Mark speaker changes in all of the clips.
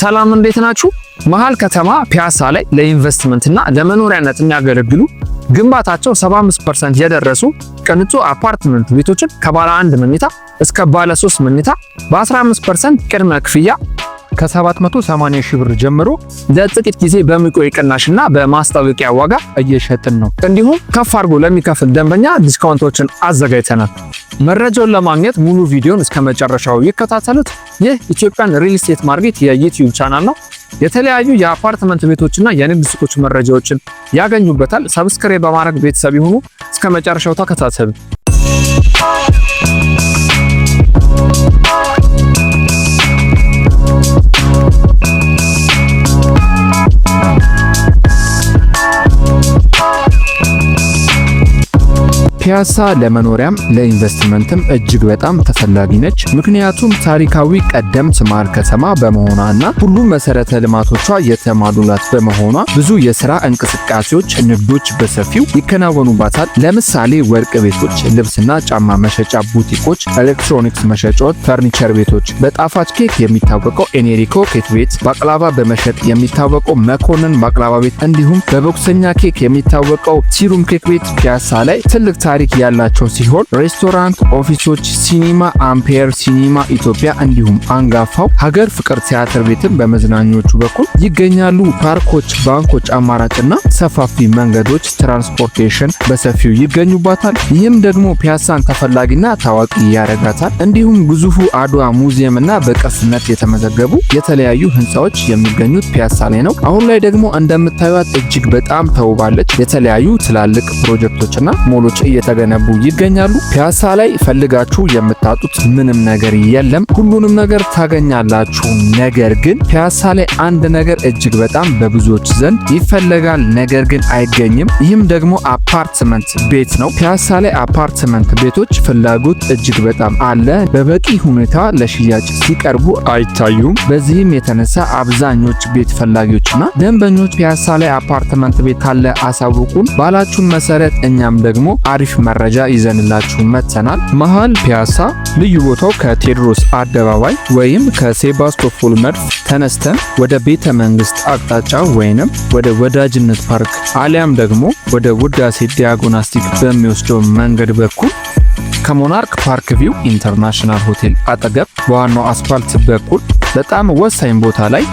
Speaker 1: ሰላም እንዴት ናችሁ? መሀል ከተማ ፒያሳ ላይ ለኢንቨስትመንትና ለመኖሪያነት የሚያገለግሉ ግንባታቸው 75% የደረሱ ቅንጡ አፓርትመንት ቤቶችን ከባለ አንድ መኝታ እስከ ባለ 3 መኝታ በ15% ቅድመ ክፍያ ከ780 ሺህ ብር ጀምሮ ለጥቂት ጊዜ በሚቆይ ቅናሽና በማስታወቂያ ዋጋ እየሸጥን ነው። እንዲሁም ከፍ አድርጎ ለሚከፍል ደንበኛ ዲስካውንቶችን አዘጋጅተናል። መረጃውን ለማግኘት ሙሉ ቪዲዮን እስከ መጨረሻው ይከታተሉት። ይህ ኢትዮጵያን ሪል ስቴት ማርኬት የዩቲዩብ ቻናል ነው። የተለያዩ የአፓርትመንት ቤቶችና የንግድ ሱቆች መረጃዎችን ያገኙበታል። ሰብስክራይብ በማድረግ ቤተሰብ ይሁኑ። እስከ መጨረሻው ተከታተሉ። ፒያሳ ለመኖሪያም ለኢንቨስትመንትም እጅግ በጣም ተፈላጊ ነች። ምክንያቱም ታሪካዊ ቀደምት ማር ከተማ በመሆኗ እና ሁሉም መሰረተ ልማቶቿ የተሟሉላት በመሆኗ ብዙ የስራ እንቅስቃሴዎች፣ ንግዶች በሰፊው ይከናወኑባታል። ለምሳሌ ወርቅ ቤቶች፣ ልብስና ጫማ መሸጫ ቡቲኮች፣ ኤሌክትሮኒክስ መሸጫዎች፣ ፈርኒቸር ቤቶች፣ በጣፋጭ ኬክ የሚታወቀው ኤኔሪኮ ኬክ ቤት፣ ባቅላባ በመሸጥ የሚታወቀው መኮንን ባቅላባ ቤት እንዲሁም በቦክሰኛ ኬክ የሚታወቀው ሲሩም ኬክ ቤት ፒያሳ ላይ ትልቅ ታሪክ ያላቸው ሲሆን ሬስቶራንት፣ ኦፊሶች፣ ሲኒማ አምፔር፣ ሲኒማ ኢትዮጵያ እንዲሁም አንጋፋው ሀገር ፍቅር ቲያትር ቤትን በመዝናኞቹ በኩል ይገኛሉ። ፓርኮች፣ ባንኮች፣ አማራጭና ሰፋፊ መንገዶች ትራንስፖርቴሽን በሰፊው ይገኙባታል። ይህም ደግሞ ፒያሳን ተፈላጊና ታዋቂ ያደርጋታል። እንዲሁም ግዙፉ አድዋ ሙዚየም እና በቅርስነት የተመዘገቡ የተለያዩ ህንፃዎች የሚገኙት ፒያሳ ላይ ነው። አሁን ላይ ደግሞ እንደምታዩት እጅግ በጣም ተውባለች። የተለያዩ ትላልቅ ፕሮጀክቶችና ሞሎች እየተገነቡ ይገኛሉ። ፒያሳ ላይ ፈልጋችሁ የምታጡት ምንም ነገር የለም፣ ሁሉንም ነገር ታገኛላችሁ። ነገር ግን ፒያሳ ላይ አንድ ነገር እጅግ በጣም በብዙዎች ዘንድ ይፈለጋል፣ ነገር ግን አይገኝም። ይህም ደግሞ አፓርትመንት ቤት ነው። ፒያሳ ላይ አፓርትመንት ቤቶች ፍላጎት እጅግ በጣም አለ። በበቂ ሁኔታ ለሽያጭ ሲቀርቡ አይታዩም። በዚህም የተነሳ አብዛኞች ቤት ፈላጊዎችና ደንበኞች ፒያሳ ላይ አፓርትመንት ቤት ካለ አሳውቁን ባላችሁን መሰረት እኛም ደግሞ አሪፍ መረጃ ይዘንላችሁ መጥተናል። መሀል ፒያሳ ልዩ ቦታው ከቴዎድሮስ አደባባይ ወይም ከሴባስቶፖል መድፍ ተነስተን ወደ ቤተ መንግስት አቅጣጫ ወይንም ወደ ወዳጅነት ፓርክ አሊያም ደግሞ ወደ ውዳሴ ዲያጎናስቲክ በሚወስደው መንገድ በኩል ከሞናርክ ፓርክ ቪው ኢንተርናሽናል ሆቴል አጠገብ በዋናው አስፋልት በኩል በጣም ወሳኝ ቦታ ላይ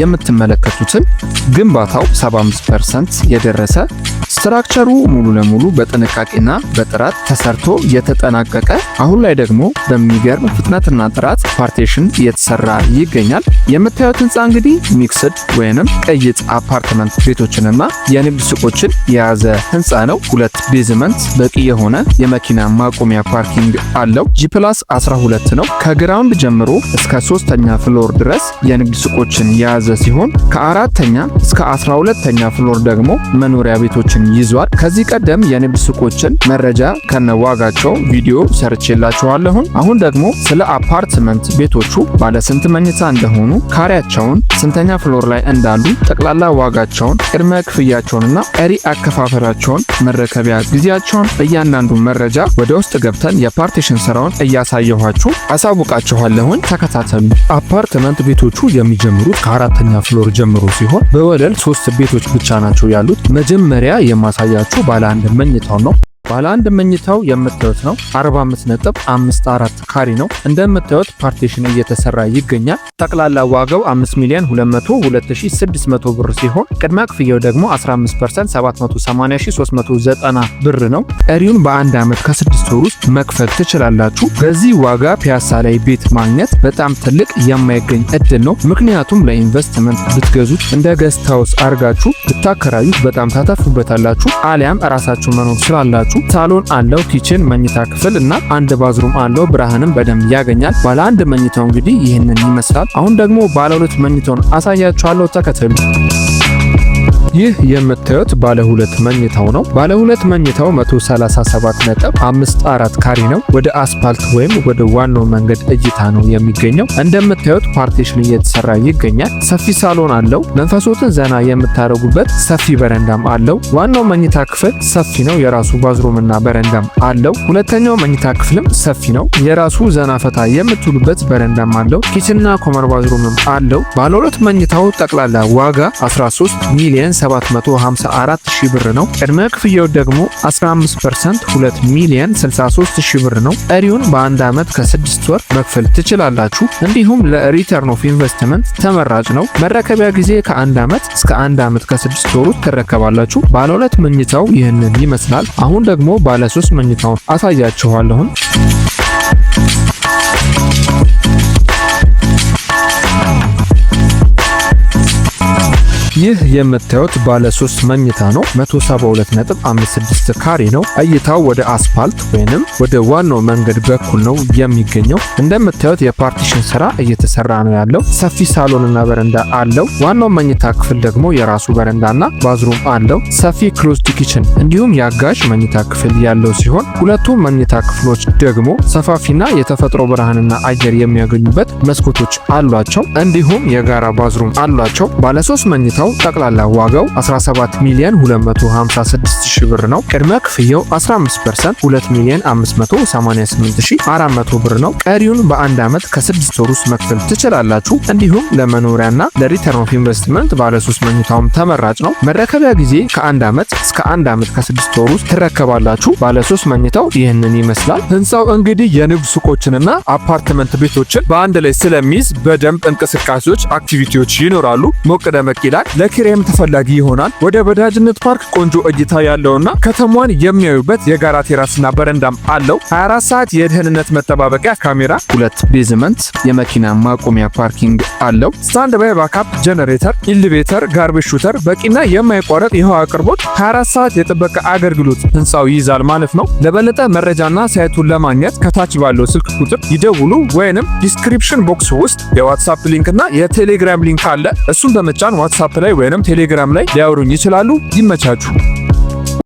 Speaker 1: የምትመለከቱትን ግንባታው 75% የደረሰ ስትራክቸሩ ሙሉ ለሙሉ በጥንቃቄና በጥራት ተሰርቶ የተጠናቀቀ አሁን ላይ ደግሞ በሚገርም ፍጥነትና ጥራት ፓርቴሽን እየተሰራ ይገኛል። የምታዩት ህንፃ እንግዲህ ሚክስድ ወይንም ቀይጥ አፓርትመንት ቤቶችንና የንግድ ሱቆችን የያዘ ህንፃ ነው። ሁለት ቤዝመንት በቂ የሆነ የመኪና ማቆሚያ ፓርኪንግ አለው። ጂፕላስ 12 ነው። ከግራውንድ ጀምሮ እስከ ሶስተኛ ፍሎር ድረስ የንግድ ሱቆችን የያዘ ሲሆን ከአራተኛ እስከ 12ተኛ ፍሎር ደግሞ መኖሪያ ቤቶችን ይዟል። ከዚህ ቀደም የንግድ ሱቆችን መረጃ ከነዋጋቸው ቪዲዮ ሰርቼላችኋለሁ። አሁን ደግሞ ስለ አፓርትመንት ቤቶቹ ባለ ስንት መኝታ እንደሆኑ፣ ካሬያቸውን፣ ስንተኛ ፍሎር ላይ እንዳሉ፣ ጠቅላላ ዋጋቸውን፣ ቅድመ ክፍያቸውንና ቀሪ አከፋፈላቸውን፣ መረከቢያ ጊዜያቸውን፣ እያንዳንዱ መረጃ ወደ ውስጥ ገብተን የፓርቲሽን ስራውን እያሳየኋችሁ አሳውቃችኋለሁኝ። ተከታተሉ። አፓርትመንት ቤቶቹ የሚጀምሩት ከአራተኛ ፍሎር ጀምሮ ሲሆን በወለል ሶስት ቤቶች ብቻ ናቸው ያሉት መጀመሪያ የማሳያችሁ ባለ አንድ መኝታው ነው። ባለ አንድ መኝታው የምታዩት ነው 54 ካሬ ነው። እንደምታዩት ፓርቲሽን እየተሰራ ይገኛል። ጠቅላላ ዋጋው 5 ሚሊዮን 202600 ብር ሲሆን ቅድመ ክፍያው ደግሞ 15% 780390 ብር ነው። ቀሪውን በአንድ ዓመት ከስድስት ወር ውስጥ መክፈል ትችላላችሁ። በዚህ ዋጋ ፒያሳ ላይ ቤት ማግኘት በጣም ትልቅ የማይገኝ እድል ነው። ምክንያቱም ለኢንቨስትመንት ብትገዙት እንደ ገስት ሃውስ አርጋችሁ ብታከራዩት በጣም ታተርፉበታላችሁ። አሊያም ራሳችሁ መኖር ስላላችሁ ሳሎን አለው፣ ኪችን፣ መኝታ ክፍል እና አንድ ባዝሩም አለው። ብርሃንም በደንብ ያገኛል። ባለ አንድ መኝታው እንግዲህ ይህንን ይመስላል። አሁን ደግሞ ባለ ሁለት መኝታውን አሳያችኋለሁ። ተከተሉ። ይህ የምታዩት ባለ ሁለት መኝታው ነው። ባለ ሁለት መኝታው 137 ነጥብ 54 ካሬ ነው። ወደ አስፓልት ወይም ወደ ዋናው መንገድ እይታ ነው የሚገኘው። እንደምታዩት ፓርቲሽን እየተሰራ ይገኛል። ሰፊ ሳሎን አለው። መንፈሶትን ዘና የምታደርጉበት ሰፊ በረንዳም አለው። ዋናው መኝታ ክፍል ሰፊ ነው። የራሱ ባዝሩምና በረንዳም አለው። ሁለተኛው መኝታ ክፍልም ሰፊ ነው። የራሱ ዘና ፈታ የምትሉበት በረንዳም አለው። ኪችንና ኮመን ባዝሩምም አለው። ባለ ሁለት መኝታው ጠቅላላ ዋጋ 13 ሚሊዮን 754 ሺህ ብር ነው። ቅድመ ክፍያው ደግሞ 15% 2 ሚሊዮን 63 ሺህ ብር ነው። ቀሪውን በአንድ ዓመት ከስድስት ወር መክፈል ትችላላችሁ። እንዲሁም ለሪተርን ኦፍ ኢንቨስትመንት ተመራጭ ነው። መረከቢያ ጊዜ ከአንድ ዓመት እስከ አንድ ዓመት ከስድስት ወሩ ትረከባላችሁ። ባለ ሁለት መኝታው ይህንን ይመስላል። አሁን ደግሞ ባለ ሶስት መኝታውን አሳያችኋለሁን። ይህ የምታዩት ባለ 3 መኝታ ነው። 172.56 ካሬ ነው። እይታው ወደ አስፋልት ወይንም ወደ ዋናው መንገድ በኩል ነው የሚገኘው። እንደምታዩት የፓርቲሽን ስራ እየተሰራ ነው ያለው። ሰፊ ሳሎንና በረንዳ አለው። ዋናው መኝታ ክፍል ደግሞ የራሱ በረንዳና ባዝሩም አለው። ሰፊ ክሎዝድ ኪችን እንዲሁም የአጋዥ መኝታ ክፍል ያለው ሲሆን ሁለቱ መኝታ ክፍሎች ደግሞ ሰፋፊና የተፈጥሮ ብርሃንና አየር የሚያገኙበት መስኮቶች አሏቸው። እንዲሁም የጋራ ባዝሩም አሏቸው። ባለ 3 መኝታው ነው። ጠቅላላ ዋጋው 17 ሚሊዮን 256 ሺህ ብር ነው። ቅድመ ክፍያው 15 ፐርሰንት 2 ሚሊዮን 588 ሺህ 400 ብር ነው። ቀሪውን በአንድ ዓመት ከስድስት ወር ውስጥ መክፈል ትችላላችሁ። እንዲሁም ለመኖሪያና ለሪተርን ኦፍ ኢንቨስትመንት 3 መኝታውም ተመራጭ ነው። መረከቢያ ጊዜ ከአንድ ዓመት እስከ አንድ ዓመት ከስድስት ወር ውስጥ ትረከባላችሁ። ባለሶስት መኝታው ይህንን ይመስላል። ህንፃው እንግዲህ የንግድ ሱቆችንና አፓርትመንት ቤቶችን በአንድ ላይ ስለሚይዝ በደንብ እንቅስቃሴዎች፣ አክቲቪቲዎች ይኖራሉ። ሞቅ ደመቅ ይላል። ለኪራይም ተፈላጊ ይሆናል። ወደ በዳጅነት ፓርክ ቆንጆ እይታ ያለውና ከተማዋን የሚያዩበት የጋራ ቴራስና በረንዳም አለው። 24 ሰዓት የደህንነት መጠባበቂያ ካሜራ፣ ሁለት ቤዝመንት የመኪና ማቆሚያ ፓርኪንግ አለው። ስታንድ ባይ ባካፕ ጀነሬተር፣ ኢሊቬተር፣ ጋርቤጅ ሹተር፣ በቂና የማይቋረጥ የውሃ አቅርቦት፣ 24 ሰዓት የጥበቃ አገልግሎት ህንፃው ይይዛል ማለት ነው። ለበለጠ መረጃና ሳይቱን ለማግኘት ከታች ባለው ስልክ ቁጥር ይደውሉ ወይንም ዲስክሪፕሽን ቦክስ ውስጥ የዋትሳፕ ሊንክና የቴሌግራም ሊንክ አለ። እሱን በመጫን ዋትሳፕ ላይ ላይ ወይንም ቴሌግራም ላይ ሊያወሩኝ ይችላሉ። ይመቻቹ።